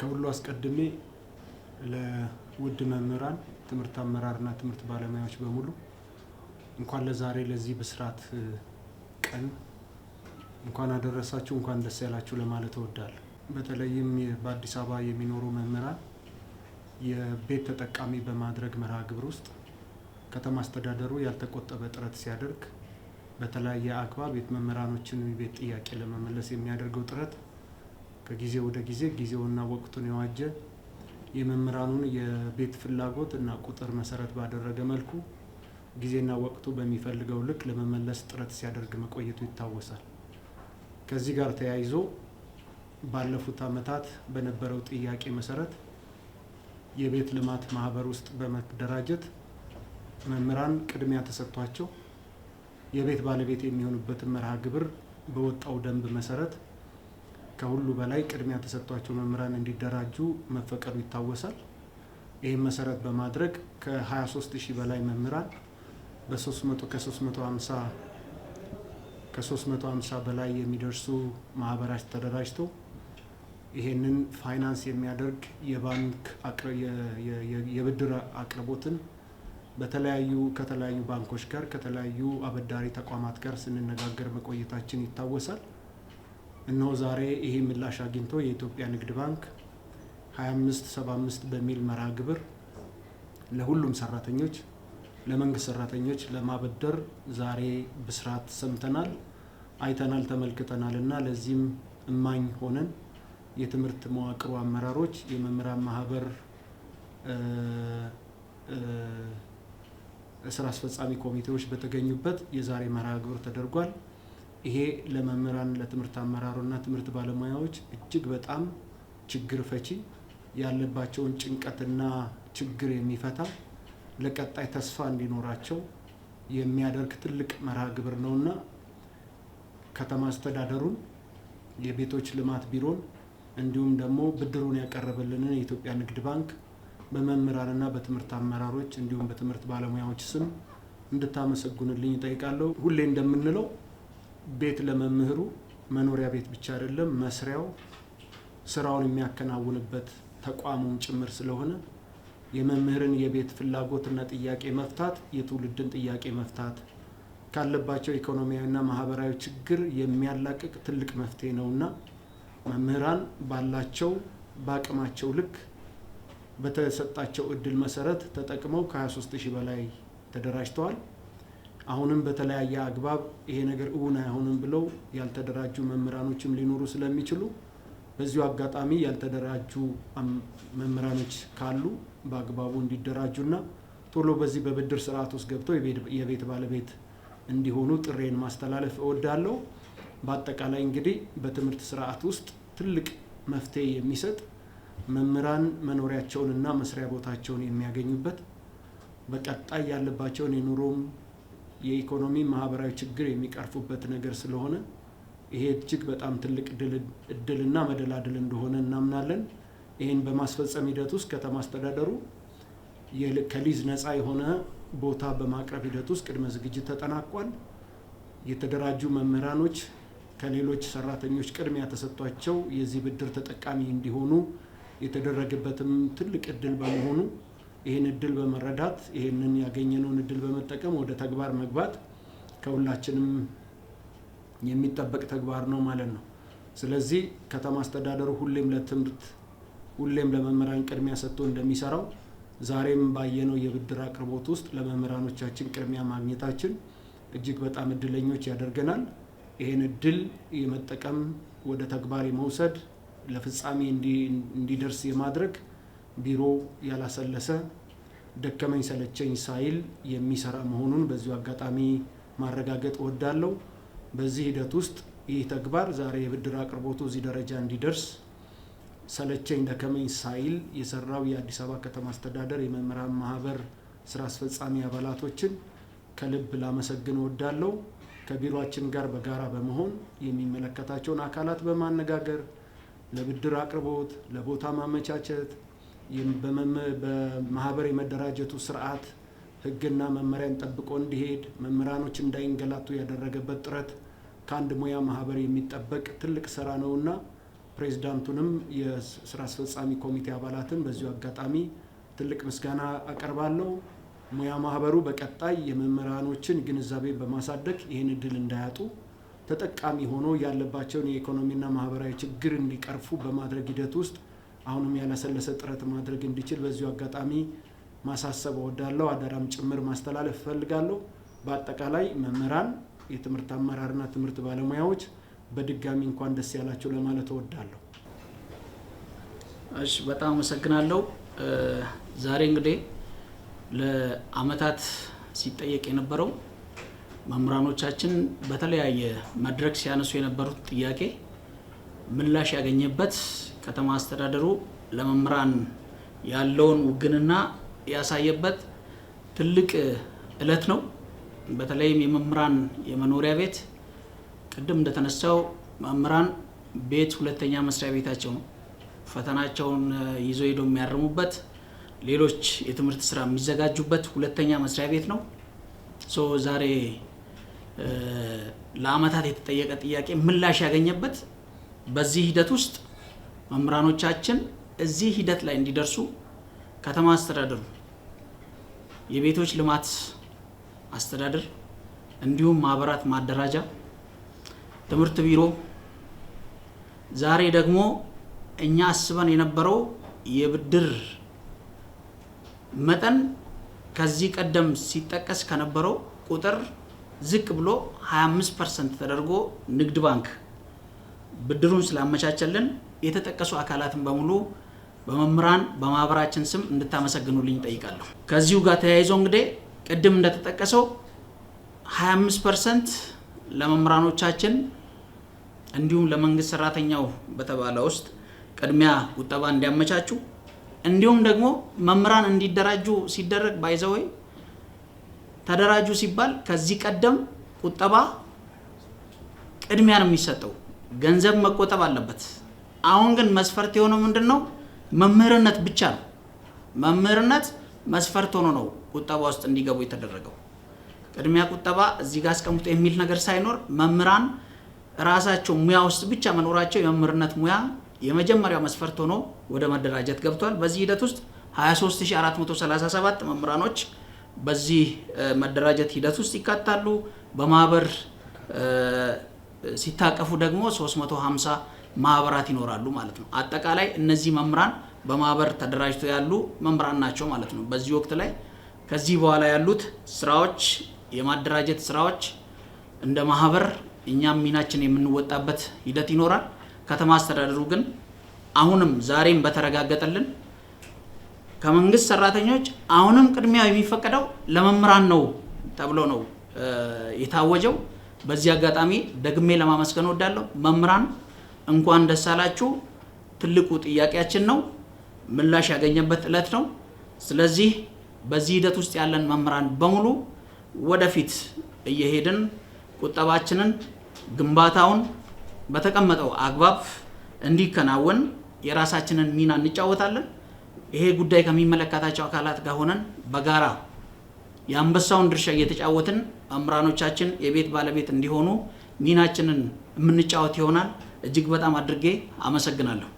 ከሁሉ አስቀድሜ ለውድ መምህራን፣ ትምህርት አመራርና ትምህርት ባለሙያዎች በሙሉ እንኳን ለዛሬ ለዚህ ብስራት ቀን እንኳን አደረሳችሁ እንኳን ደስ ያላችሁ ለማለት እወዳለሁ። በተለይም በአዲስ አበባ የሚኖሩ መምህራን የቤት ተጠቃሚ በማድረግ መርሃ ግብር ውስጥ ከተማ አስተዳደሩ ያልተቆጠበ ጥረት ሲያደርግ በተለያየ አግባብ ቤት መምህራኖችን ጥያቄ ለመመለስ የሚያደርገው ጥረት ከጊዜ ወደ ጊዜ ጊዜውና ወቅቱን የዋጀ የመምህራኑን የቤት ፍላጎት እና ቁጥር መሰረት ባደረገ መልኩ ጊዜና ወቅቱ በሚፈልገው ልክ ለመመለስ ጥረት ሲያደርግ መቆየቱ ይታወሳል። ከዚህ ጋር ተያይዞ ባለፉት ዓመታት በነበረው ጥያቄ መሰረት የቤት ልማት ማህበር ውስጥ በመደራጀት መምህራን ቅድሚያ ተሰጥቷቸው የቤት ባለቤት የሚሆኑበትን መርሃ ግብር በወጣው ደንብ መሰረት ከሁሉ በላይ ቅድሚያ ተሰጥቷቸው መምህራን እንዲደራጁ መፈቀዱ ይታወሳል። ይህም መሰረት በማድረግ ከ23 ሺህ በላይ መምህራን ከ350 በላይ የሚደርሱ ማህበራት ተደራጅተው ይሄንን ፋይናንስ የሚያደርግ የባንክ የብድር አቅርቦትን በተለያዩ ከተለያዩ ባንኮች ጋር ከተለያዩ አበዳሪ ተቋማት ጋር ስንነጋገር መቆየታችን ይታወሳል። እነሆ ዛሬ ይሄ ምላሽ አግኝቶ የኢትዮጵያ ንግድ ባንክ 2575 በሚል መርሃ ግብር ለሁሉም ሰራተኞች፣ ለመንግስት ሰራተኞች ለማበደር ዛሬ ብስራት ሰምተናል፣ አይተናል፣ ተመልክተናል እና ለዚህም እማኝ ሆነን የትምህርት መዋቅሩ አመራሮች፣ የመምህራን ማህበር ስራ አስፈጻሚ ኮሚቴዎች በተገኙበት የዛሬ መርሃ ግብር ተደርጓል። ይሄ ለመምህራን ለትምህርት አመራሩና ትምህርት ባለሙያዎች እጅግ በጣም ችግር ፈቺ ያለባቸውን ጭንቀትና ችግር የሚፈታ ለቀጣይ ተስፋ እንዲኖራቸው የሚያደርግ ትልቅ መርሃ ግብር ነውና ከተማ አስተዳደሩን የቤቶች ልማት ቢሮን እንዲሁም ደግሞ ብድሩን ያቀረበልንን የኢትዮጵያ ንግድ ባንክ በመምህራንና በትምህርት አመራሮች እንዲሁም በትምህርት ባለሙያዎች ስም እንድታመሰግኑልኝ ይጠይቃለሁ። ሁሌ እንደምንለው ቤት ለመምህሩ መኖሪያ ቤት ብቻ አይደለም፣ መስሪያው ስራውን የሚያከናውንበት ተቋሙም ጭምር ስለሆነ የመምህርን የቤት ፍላጎትና ጥያቄ መፍታት የትውልድን ጥያቄ መፍታት ካለባቸው ኢኮኖሚያዊና ማህበራዊ ችግር የሚያላቅቅ ትልቅ መፍትሄ ነውና መምህራን ባላቸው በአቅማቸው ልክ በተሰጣቸው እድል መሰረት ተጠቅመው ከ23 ሺህ በላይ ተደራጅተዋል። አሁንም በተለያየ አግባብ ይሄ ነገር እውን አይሆንም ብለው ያልተደራጁ መምህራኖችም ሊኖሩ ስለሚችሉ በዚሁ አጋጣሚ ያልተደራጁ መምህራኖች ካሉ በአግባቡ እንዲደራጁና ቶሎ በዚህ በብድር ስርዓት ውስጥ ገብተው የቤት ባለቤት እንዲሆኑ ጥሬን ማስተላለፍ እወዳለሁ። በአጠቃላይ እንግዲህ በትምህርት ስርዓት ውስጥ ትልቅ መፍትሄ የሚሰጥ መምህራን መኖሪያቸውንና መስሪያ ቦታቸውን የሚያገኙበት በቀጣይ ያለባቸውን የኑሮም የኢኮኖሚ ማህበራዊ ችግር የሚቀርፉበት ነገር ስለሆነ ይሄ እጅግ በጣም ትልቅ እድልና መደላድል እንደሆነ እናምናለን። ይህን በማስፈጸም ሂደት ውስጥ ከተማ አስተዳደሩ ከሊዝ ነፃ የሆነ ቦታ በማቅረብ ሂደት ውስጥ ቅድመ ዝግጅት ተጠናቋል። የተደራጁ መምህራኖች ከሌሎች ሰራተኞች ቅድሚያ ተሰጥቷቸው የዚህ ብድር ተጠቃሚ እንዲሆኑ የተደረገበትም ትልቅ እድል በመሆኑ ይህን እድል በመረዳት ይህንን ያገኘነውን እድል በመጠቀም ወደ ተግባር መግባት ከሁላችንም የሚጠበቅ ተግባር ነው ማለት ነው። ስለዚህ ከተማ አስተዳደሩ ሁሌም ለትምህርት ሁሌም ለመምህራን ቅድሚያ ሰጥቶ እንደሚሰራው ዛሬም ባየነው የብድር አቅርቦት ውስጥ ለመምህራኖቻችን ቅድሚያ ማግኘታችን እጅግ በጣም እድለኞች ያደርገናል። ይህን እድል የመጠቀም ወደ ተግባር የመውሰድ ለፍጻሜ እንዲደርስ የማድረግ ቢሮ ያላሰለሰ ደከመኝ ሰለቸኝ ሳይል የሚሰራ መሆኑን በዚሁ አጋጣሚ ማረጋገጥ እወዳለሁ። በዚህ ሂደት ውስጥ ይህ ተግባር ዛሬ የብድር አቅርቦቱ እዚህ ደረጃ እንዲደርስ ሰለቸኝ ደከመኝ ሳይል የሰራው የአዲስ አበባ ከተማ አስተዳደር የመምህራን ማህበር ስራ አስፈጻሚ አባላቶችን ከልብ ላመሰግን እወዳለሁ። ከቢሮችን ጋር በጋራ በመሆን የሚመለከታቸውን አካላት በማነጋገር ለብድር አቅርቦት፣ ለቦታ ማመቻቸት በማህበር የመደራጀቱ ስርዓት ህግና መመሪያን ጠብቆ እንዲሄድ መምህራኖች እንዳይንገላቱ ያደረገበት ጥረት ከአንድ ሙያ ማህበር የሚጠበቅ ትልቅ ስራ ነውና ፕሬዚዳንቱንም የስራ አስፈጻሚ ኮሚቴ አባላትን በዚሁ አጋጣሚ ትልቅ ምስጋና አቀርባለሁ። ሙያ ማህበሩ በቀጣይ የመምህራኖችን ግንዛቤ በማሳደግ ይህን እድል እንዳያጡ ተጠቃሚ ሆኖ ያለባቸውን የኢኮኖሚና ማህበራዊ ችግር እንዲቀርፉ በማድረግ ሂደት ውስጥ አሁንም ያላሰለሰ ጥረት ማድረግ እንዲችል በዚሁ አጋጣሚ ማሳሰብ እወዳለሁ። አደራም ጭምር ማስተላለፍ እፈልጋለሁ። በአጠቃላይ መምህራን፣ የትምህርት አመራርና ትምህርት ባለሙያዎች በድጋሚ እንኳን ደስ ያላቸው ለማለት እወዳለሁ። እሺ፣ በጣም አመሰግናለሁ። ዛሬ እንግዲህ ለአመታት ሲጠየቅ የነበረው መምህራኖቻችን በተለያየ መድረክ ሲያነሱ የነበሩት ጥያቄ ምላሽ ያገኘበት ከተማ አስተዳደሩ ለመምህራን ያለውን ውግንና ያሳየበት ትልቅ እለት ነው። በተለይም የመምህራን የመኖሪያ ቤት ቅድም እንደተነሳው መምህራን ቤት ሁለተኛ መስሪያ ቤታቸው ነው። ፈተናቸውን ይዞ ሄዶ የሚያርሙበት፣ ሌሎች የትምህርት ስራ የሚዘጋጁበት ሁለተኛ መስሪያ ቤት ነው። ዛሬ ለአመታት የተጠየቀ ጥያቄ ምላሽ ያገኘበት በዚህ ሂደት ውስጥ መምህራኖቻችን እዚህ ሂደት ላይ እንዲደርሱ ከተማ አስተዳደሩ፣ የቤቶች ልማት አስተዳደር እንዲሁም ማህበራት ማደራጃ፣ ትምህርት ቢሮ ዛሬ ደግሞ እኛ አስበን የነበረው የብድር መጠን ከዚህ ቀደም ሲጠቀስ ከነበረው ቁጥር ዝቅ ብሎ 25 ፐርሰንት ተደርጎ ንግድ ባንክ ብድሩን ስላመቻቸልን የተጠቀሱ አካላትን በሙሉ በመምህራን በማህበራችን ስም እንድታመሰግኑልኝ ይጠይቃለሁ ከዚሁ ጋር ተያይዞ እንግዲህ ቅድም እንደተጠቀሰው 25 ፐርሰንት ለመምህራኖቻችን እንዲሁም ለመንግስት ሰራተኛው በተባለ ውስጥ ቅድሚያ ቁጠባ እንዲያመቻቹ እንዲሁም ደግሞ መምህራን እንዲደራጁ ሲደረግ ባይዘወይ ተደራጁ ሲባል ከዚህ ቀደም ቁጠባ ቅድሚያ ነው የሚሰጠው። ገንዘብ መቆጠብ አለበት። አሁን ግን መስፈርት የሆነው ምንድን ነው? መምህርነት ብቻ ነው። መምህርነት መስፈርት ሆኖ ነው ቁጠባ ውስጥ እንዲገቡ የተደረገው። ቅድሚያ ቁጠባ እዚህ ጋር አስቀምጦ የሚል ነገር ሳይኖር መምህራን ራሳቸው ሙያ ውስጥ ብቻ መኖራቸው የመምህርነት ሙያ የመጀመሪያው መስፈርት ሆኖ ወደ መደራጀት ገብቷል። በዚህ ሂደት ውስጥ 23437 መምህራኖች በዚህ መደራጀት ሂደት ውስጥ ይካታሉ። በማህበር ሲታቀፉ ደግሞ 350 ማህበራት ይኖራሉ ማለት ነው። አጠቃላይ እነዚህ መምህራን በማህበር ተደራጅተው ያሉ መምህራን ናቸው ማለት ነው። በዚህ ወቅት ላይ ከዚህ በኋላ ያሉት ስራዎች የማደራጀት ስራዎች እንደ ማህበር እኛም ሚናችን የምንወጣበት ሂደት ይኖራል። ከተማ አስተዳደሩ ግን አሁንም ዛሬም በተረጋገጠልን ከመንግስት ሰራተኞች አሁንም ቅድሚያ የሚፈቀደው ለመምህራን ነው ተብሎ ነው የታወጀው። በዚህ አጋጣሚ ደግሜ ለማመስገን ወዳለሁ። መምህራን እንኳን ደስ አላችሁ። ትልቁ ጥያቄያችን ነው፣ ምላሽ ያገኘበት ዕለት ነው። ስለዚህ በዚህ ሂደት ውስጥ ያለን መምህራን በሙሉ ወደፊት እየሄድን ቁጠባችንን፣ ግንባታውን በተቀመጠው አግባብ እንዲከናወን የራሳችንን ሚና እንጫወታለን። ይሄ ጉዳይ ከሚመለከታቸው አካላት ጋር ሆነን በጋራ የአንበሳውን ድርሻ እየተጫወትን መምህራኖቻችን የቤት ባለቤት እንዲሆኑ ሚናችንን የምንጫወት ይሆናል። እጅግ በጣም አድርጌ አመሰግናለሁ።